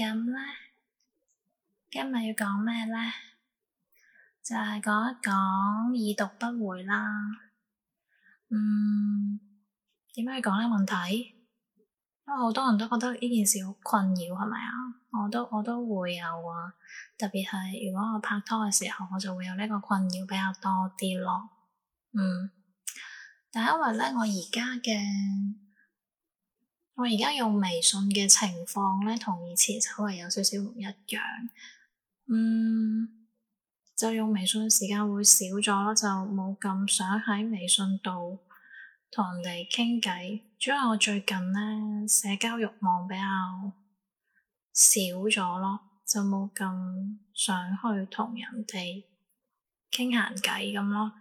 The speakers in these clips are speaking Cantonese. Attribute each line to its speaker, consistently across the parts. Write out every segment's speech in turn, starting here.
Speaker 1: 咁咧，今日要講咩咧？就係講一講已讀不回啦。嗯，點樣去講呢問題，因為好多人都覺得呢件事好困擾，係咪啊？我都我都會有啊。特別係如果我拍拖嘅時候，我就會有呢個困擾比較多啲咯。嗯，但係因為咧，我而家嘅。我而家用微信嘅情況咧，同以前稍微有少少唔一樣。嗯，就用微信時間會少咗，就冇咁想喺微信度同人哋傾偈。主要我最近咧，社交欲望比較少咗咯，就冇咁想去同人哋傾閒偈咁咯。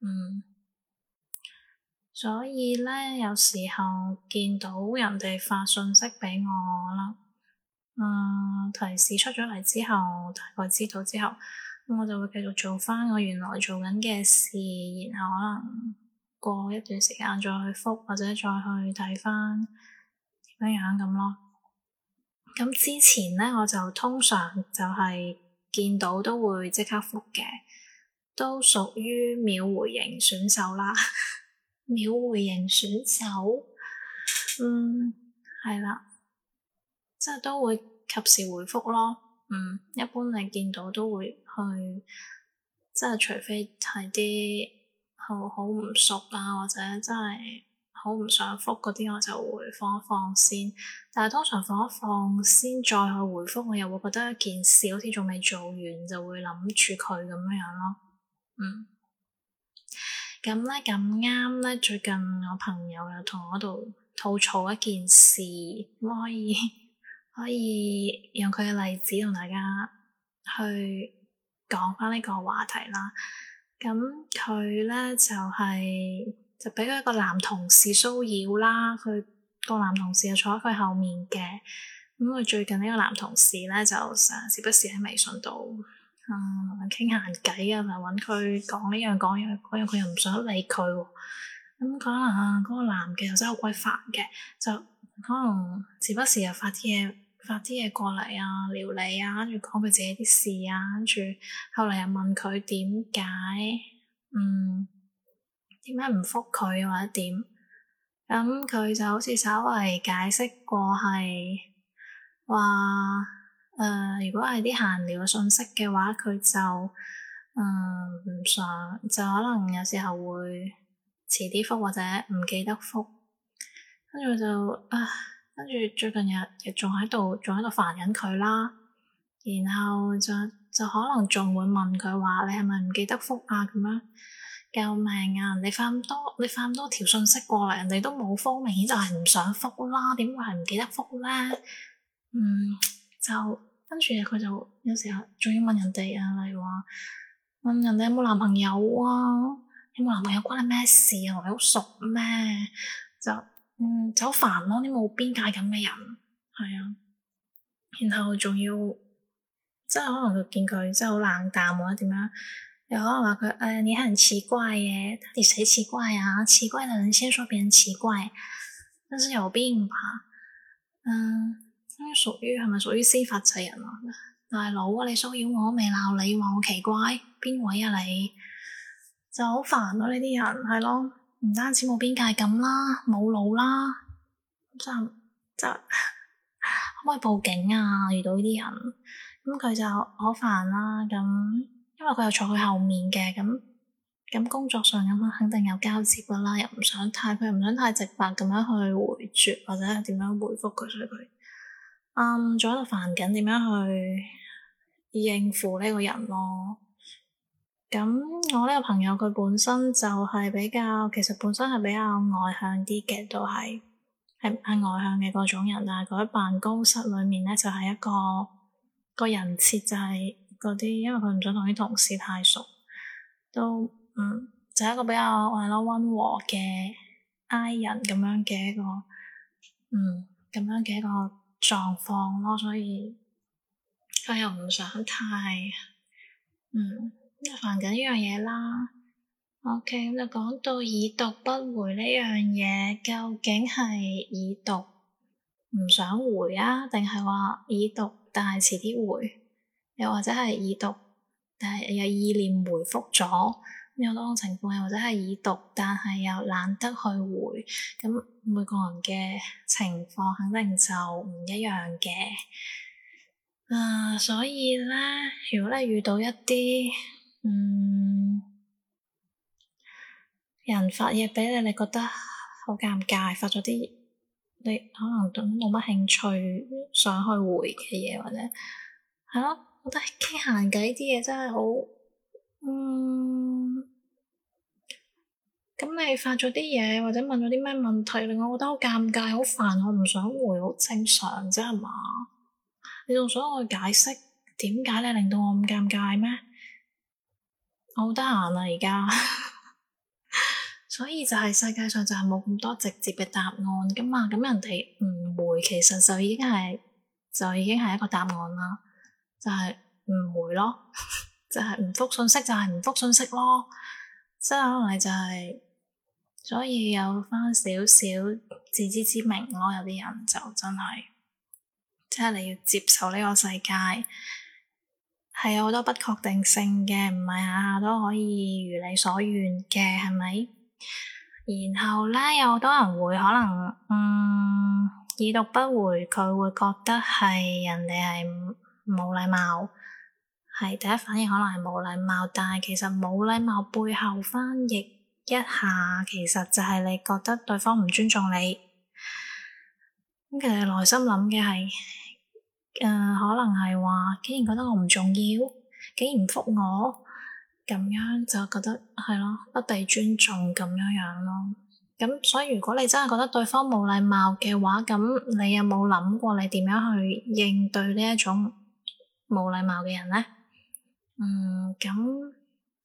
Speaker 1: 嗯。所以咧，有時候見到人哋發信息俾我啦，誒、呃，提示出咗嚟之後，大概知道之後，我就會繼續做翻我原來做緊嘅事，然後可能過一段時間再去復或者再去睇翻點樣樣咁咯。咁之前咧，我就通常就係見到都會即刻復嘅，都屬於秒回型選手啦。秒回型選手，嗯，係啦，即係都會及時回覆咯。嗯，一般你見到都會去，即係除非係啲好好唔熟啊，或者真係好唔想復嗰啲，我就會放一放先。但係通常放一放先再去回覆，我又會覺得一件事好似仲未做完，就會諗住佢咁樣樣咯。嗯。咁咧咁啱咧，最近我朋友又同我度吐槽一件事，可唔可以可以用佢嘅例子同大家去講翻呢個話題啦？咁佢咧就係，就俾佢一個男同事騷擾啦，佢個男同事就坐喺佢後面嘅，咁佢最近呢個男同事咧就成時不時喺微信度。啊，傾下人偈啊，嚟搵佢講呢樣講樣講，佢又唔想理佢喎。咁、嗯、可能嗰個男嘅又真係好鬼煩嘅，就可能時不時又發啲嘢，發啲嘢過嚟啊，撩你啊，跟住講佢自己啲事啊，跟住後嚟又問佢點解，嗯，點解唔復佢或者點？咁、嗯、佢就好似稍微解釋過係話。呃、如果係啲閒聊嘅信息嘅話，佢就嗯、唔想，就可能有時候會遲啲復或者唔記得復，跟住就啊，跟住最近日日仲喺度仲喺度煩緊佢啦，然後就就可能仲會問佢話你係咪唔記得復啊？咁樣救命啊！人哋發你發咁多你發咁多條信息過嚟，人哋都冇復，明顯就係唔想復啦，點會係唔記得復咧？嗯。就跟住佢就有時候仲要問人哋啊，例如話問人哋有冇男朋友啊，有冇男朋友關你咩事啊？你好熟咩？就嗯就好煩咯，啲冇邊界咁嘅人，係啊。然後仲要即係可能佢見佢真係好冷淡或者點樣，又可能話佢誒你係人奇怪嘅，你死奇怪啊？奇怪的人先說別人奇怪，真是有病吧？嗯。屬於係咪屬於司法罪人啊？大佬啊，啊，你騷擾我，未鬧你話我奇怪邊位啊？你就好煩咯，呢啲人係咯，唔單止冇邊界感啦，冇腦啦，就就可唔可以報警啊？遇到呢啲人咁佢就好煩啦。咁因為佢又坐佢後面嘅，咁咁工作上咁啊，肯定有交接㗎啦，又唔想太佢又唔想太直白咁樣去回絕或者係點樣回復佢，所以佢。嗯，仲喺度煩緊點樣去應付呢個人咯，啊。咁我呢個朋友佢本身就係比較，其實本身係比較外向啲嘅，都係係係外向嘅嗰種人但係啊。佢喺辦公室裏面咧就係、是、一個個人設就係嗰啲，因為佢唔想同啲同事太熟，都嗯就係、是、一個比較係咯溫和嘅 I 人咁樣嘅一個，嗯咁樣嘅一個。狀況咯，所以佢又唔想太，嗯，煩緊呢樣嘢啦。OK，咁就講到已讀不回呢樣嘢，究竟係已讀唔想回啊，定係話已讀但係遲啲回，又或者係已讀但係有意念回覆咗？有多種情況，又或者係已讀但係又懶得去回，咁每個人嘅情況肯定就唔一樣嘅。誒、啊，所以咧，如果你遇到一啲嗯人發嘢俾你，你覺得好尷尬，發咗啲你可能都冇乜興趣想去回嘅嘢，或者係咯，我覺得傾閒偈啲嘢真係好嗯。你發咗啲嘢，或者問咗啲咩問題，令我覺得好尷尬、好煩，我唔想回，好正常啫係嘛？你仲想我解釋點解你令到我咁尷尬咩？我好得閒啊，而家，所以就係世界上就係冇咁多直接嘅答案噶嘛。咁人哋唔回，其實就已經係就已經係一個答案啦。就係唔回咯，就係唔覆信息，就係唔覆信息咯。即係可能就係。所以有翻少少自知之明咯，有啲人就真係，即係你要接受呢個世界，係有好多不確定性嘅，唔係下下都可以如你所願嘅，係咪？然後咧，有好多人會可能，嗯，已讀不回，佢會覺得係人哋係冇禮貌，係第一反應可能係冇禮貌，但係其實冇禮貌背後翻譯。一下，其實就係你覺得對方唔尊重你，咁其實內心諗嘅係誒，可能係話竟然覺得我唔重要，竟然唔覆我，咁樣就覺得係咯，不被尊重咁樣樣咯。咁所以如果你真係覺得對方冇禮貌嘅話，咁你有冇諗過你點樣去應對呢一種冇禮貌嘅人咧？嗯，咁。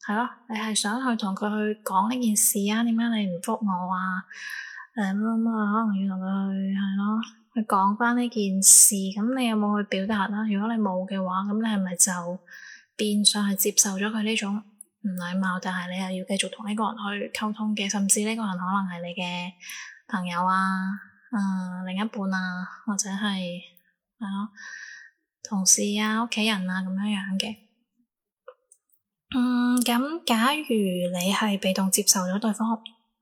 Speaker 1: 係咯， 你係想去同佢去講呢件事啊？點解你唔復我啊？誒、嗯，乜乜可能要同佢去係咯，去講翻呢件事？咁你有冇去表達啦？如果你冇嘅話，咁你係咪就變相係接受咗佢呢種唔禮貌？但係你又要繼續同呢個人去溝通嘅，甚至呢個人可能係你嘅朋友啊、誒、嗯、另一半啊，或者係係咯同事啊、屋企人啊咁樣樣嘅。嗯，咁假如你係被動接受咗對方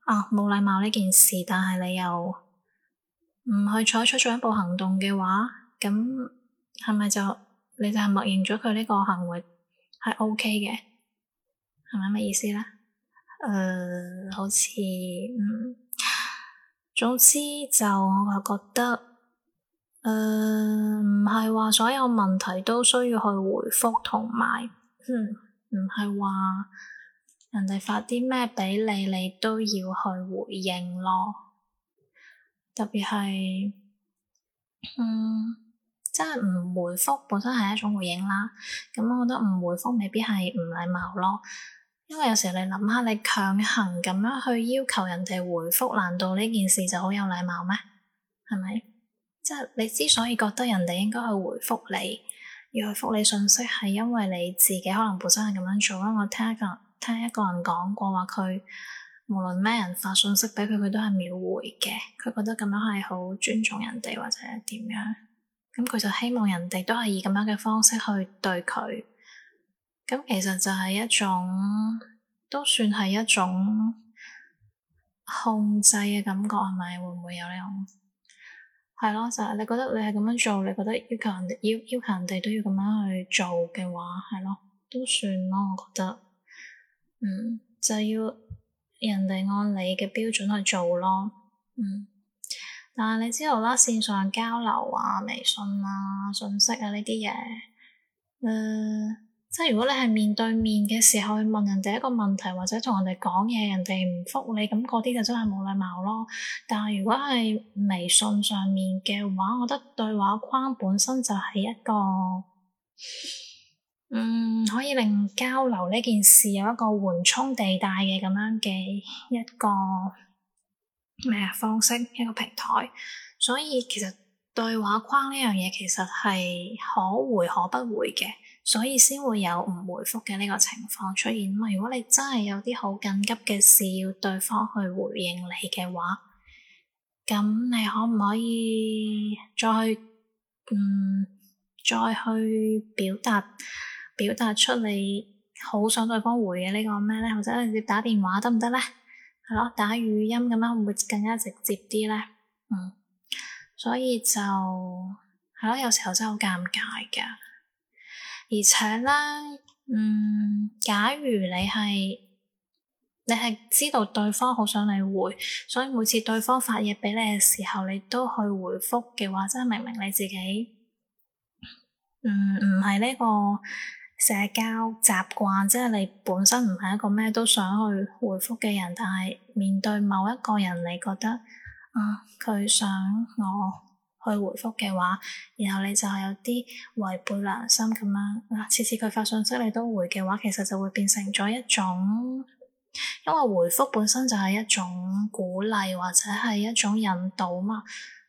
Speaker 1: 啊冇禮貌呢件事，但係你又唔去採取進一步行動嘅話，咁係咪就你就係默認咗佢呢個行為係 O K 嘅？係咪咩意思咧？誒、呃，好似嗯，總之就我係覺得誒，唔係話所有問題都需要去回覆同埋。唔係話人哋發啲咩畀你，你都要去回應咯。特別係，嗯，即係唔回覆本身係一種回應啦。咁我覺得唔回覆未必係唔禮貌咯。因為有時你諗下，你強行咁樣去要求人哋回覆，難道呢件事就好有禮貌咩？係咪？即係你之所以覺得人哋應該去回覆你。要去復你信息係因為你自己可能本身係咁樣做，因為我聽一個聽一個人講過話，佢無論咩人發信息俾佢，佢都係秒回嘅，佢覺得咁樣係好尊重人哋或者點樣，咁佢就希望人哋都係以咁樣嘅方式去對佢，咁其實就係一種都算係一種控制嘅感覺，係咪會唔會有呢種？係咯就係你覺得你係咁樣做，你覺得要求人哋要要求人哋都要咁樣去做嘅話，係咯都算咯我覺得，嗯，就要人哋按你嘅標準去做咯，嗯，但係你知道啦，線上交流啊、微信啊、信息啊呢啲嘢，誒。呃即係如果你係面對面嘅時候去問人哋一個問題，或者同人哋講嘢，人哋唔復你，咁嗰啲就真係冇禮貌咯。但係如果係微信上面嘅話，我覺得對話框本身就係一個，嗯，可以令交流呢件事有一個緩衝地帶嘅咁樣嘅一個咩啊方式，一個平台。所以其實對話框呢樣嘢其實係可回可不回嘅。所以先會有唔回覆嘅呢個情況出現。咁如果你真係有啲好緊急嘅事要對方去回應你嘅話，咁你可唔可以再去嗯再去表達表達出你好想對方回嘅呢個咩咧？或者直接打電話得唔得咧？係咯，打語音咁樣會唔會更加直接啲咧？嗯，所以就係咯，有時候真係好尷尬㗎。而且咧，嗯，假如你係你係知道對方好想你回，所以每次對方發嘢俾你嘅時候，你都去回覆嘅話，即係明明你自己，嗯，唔係呢個社交習慣，即係你本身唔係一個咩都想去回覆嘅人，但係面對某一個人，你覺得啊，佢，嗯，想我去回覆嘅話，然後你就係有啲違背良心咁樣嗱。次次佢發信息你都回嘅話，其實就會變成咗一種，因為回覆本身就係一種鼓勵或者係一種引導嘛。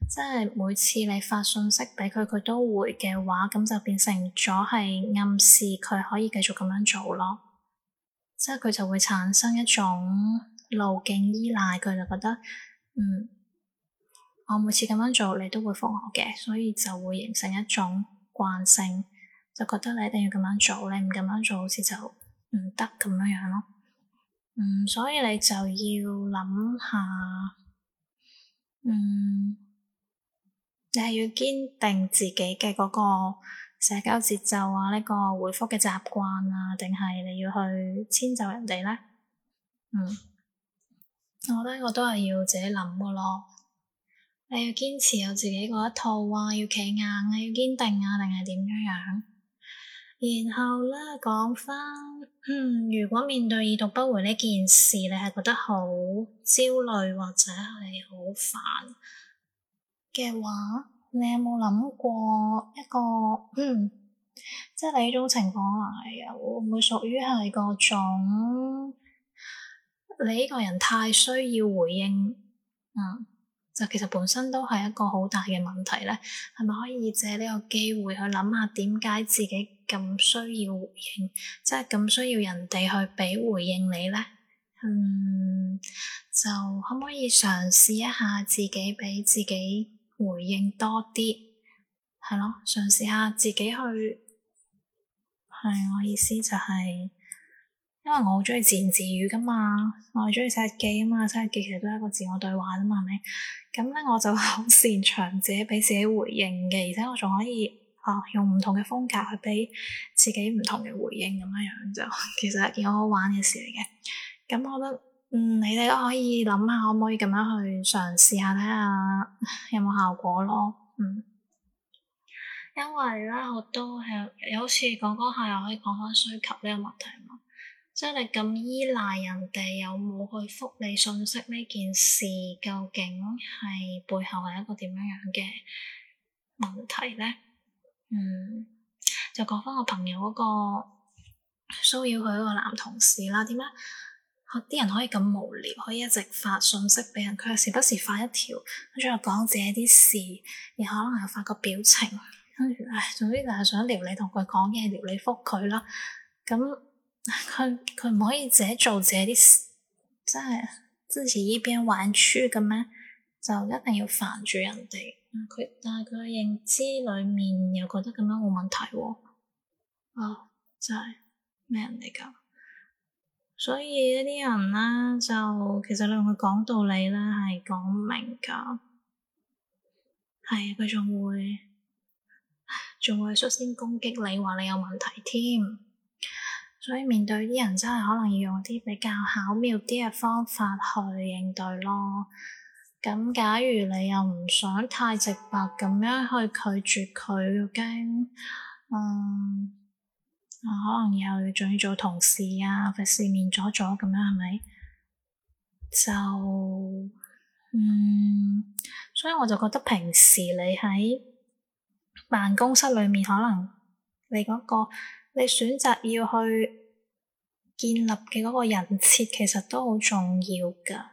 Speaker 1: 即係每次你發信息俾佢，佢都回嘅話，咁就變成咗係暗示佢可以繼續咁樣做咯。即係佢就會產生一種路徑依賴，佢就覺得嗯。我每次咁樣做，你都會覆我嘅，所以就會形成一種慣性，就覺得你一定要咁樣做，你唔咁樣做好似就唔得咁樣樣咯。嗯，所以你就要諗下，嗯，你係要堅定自己嘅嗰個社交節奏啊，呢個回覆嘅習慣啊，定係你要去遷就人哋咧？嗯，我覺得呢個都係要自己諗噶咯。你要堅持有自己嗰一套啊，要企硬啊，要堅定啊，定係點樣樣啊？然後咧，講翻，嗯，如果面對已讀不回呢件事，你係覺得好焦慮或者係好煩嘅話，你有冇諗過一個，嗯，即係你呢種情況下，哎，會唔會屬於係嗰種你呢個人太需要回應，嗯？就其實本身都係一個好大嘅問題咧，係咪可以借呢個機會去諗下點解自己咁需要回應，即係咁需要人哋去畀回應你咧？嗯，就可唔可以嘗試一下自己畀自己回應多啲，係咯，嘗試下自己去。係，我意思就係、是。因為我好中意自言自語噶嘛，我好中意寫日記啊嘛，寫日記其實都係一個自我對話啊嘛，係咪？咁咧我就好擅長自己俾自己回應嘅，而且我仲可以啊用唔同嘅風格去俾自己唔同嘅回應，咁樣樣就其實係件好好玩嘅事嚟嘅。咁我覺得嗯，你哋都可以諗下可唔可以咁樣去嘗試下睇下有冇效果咯。嗯，因為咧我都係有次講講下又可以講翻需求呢個問題。即係你咁依賴人哋有冇去復你信息呢件事，究竟係背後係一個點樣樣嘅問題咧？嗯，就講翻我朋友嗰個騷擾佢嗰個男同事啦。點解啲人可以咁無聊，可以一直發信息畀人，佢又時不時發一條，跟住又講自己啲事，然後又可能又發個表情，跟住唉，總之就係想撩你同佢講嘢，撩你復佢啦，咁。佢佢唔可以自己做自己啲事，即係自己一邊玩輸嘅咩？就一定要煩住人哋。佢但係佢嘅認知裏面又覺得咁樣冇問題喎、哦哦。真就係咩人嚟噶？所以一啲人咧，就其實你同佢講道理啦，係講唔明噶。係、哎、啊，佢仲會仲會率先攻擊你，話你有問題添。所以面對啲人真係可能要用啲比較巧妙啲嘅方法去應對咯。咁假如你又唔想太直白咁樣去拒絕佢，驚，嗯、啊，可能又要仲要做同事啊，費事面阻阻咁樣係咪？就，嗯，所以我就覺得平時你喺辦公室裏面，可能你嗰個。你選擇要去建立嘅嗰個人設，其實都好重要噶。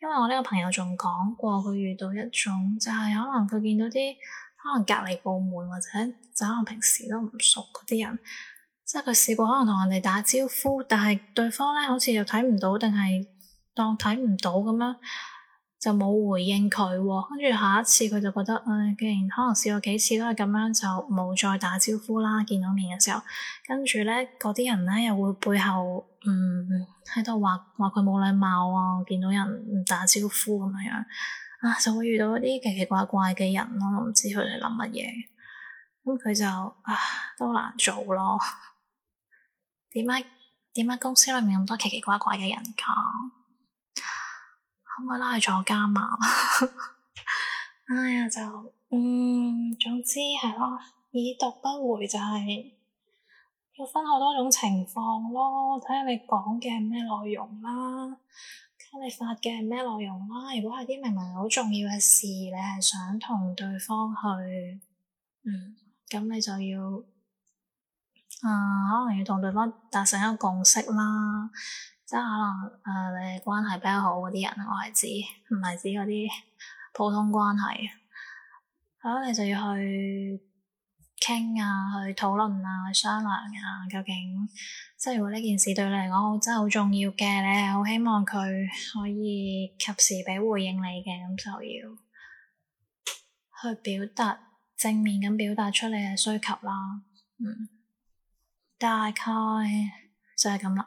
Speaker 1: 因為我呢個朋友仲講過，佢遇到一種就係可能佢見到啲可能隔離部門或者就可能平時都唔熟嗰啲人，即係佢試過可能同人哋打招呼，但係對方咧好似又睇唔到，到，定係當睇唔到咁樣。就冇回應佢。哦，跟住下一次佢就覺得誒、哎，既然可能試過幾次都係咁樣，就冇再打招呼啦。見到面嘅時候，跟住咧嗰啲人咧又會背後嗯喺度話話佢冇禮貌啊，見到人唔打招呼咁樣，啊就會遇到一啲奇奇怪怪嘅人咯，我唔知佢哋諗乜嘢，咁、嗯、佢就啊都難做咯。點解點解公司裏面咁多奇奇怪怪嘅人㗎？咁咪拉係坐監嘛， 哎呀就，嗯，總之係咯，已讀不回就係要分好多種情況咯，睇下你講嘅係咩內容啦，睇下你發嘅係咩內容啦。如果係啲明明好重要嘅事，你係想同對方去，嗯，咁你就要。誒、嗯，可能要同對方達成一個共識啦，即係可能誒、呃，你關係比較好嗰啲人我，我係指唔係指嗰啲普通關係，係咯，你就要去傾啊，去討論啊，去商量啊，究竟即係如果呢件事對你嚟講真係好重要嘅，你係好希望佢可以及時俾回應你嘅，咁就要去表達正面咁表達出你嘅需求啦，嗯。大概就係咁啦。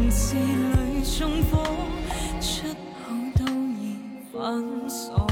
Speaker 2: 城市裏縱火，出口都已反鎖。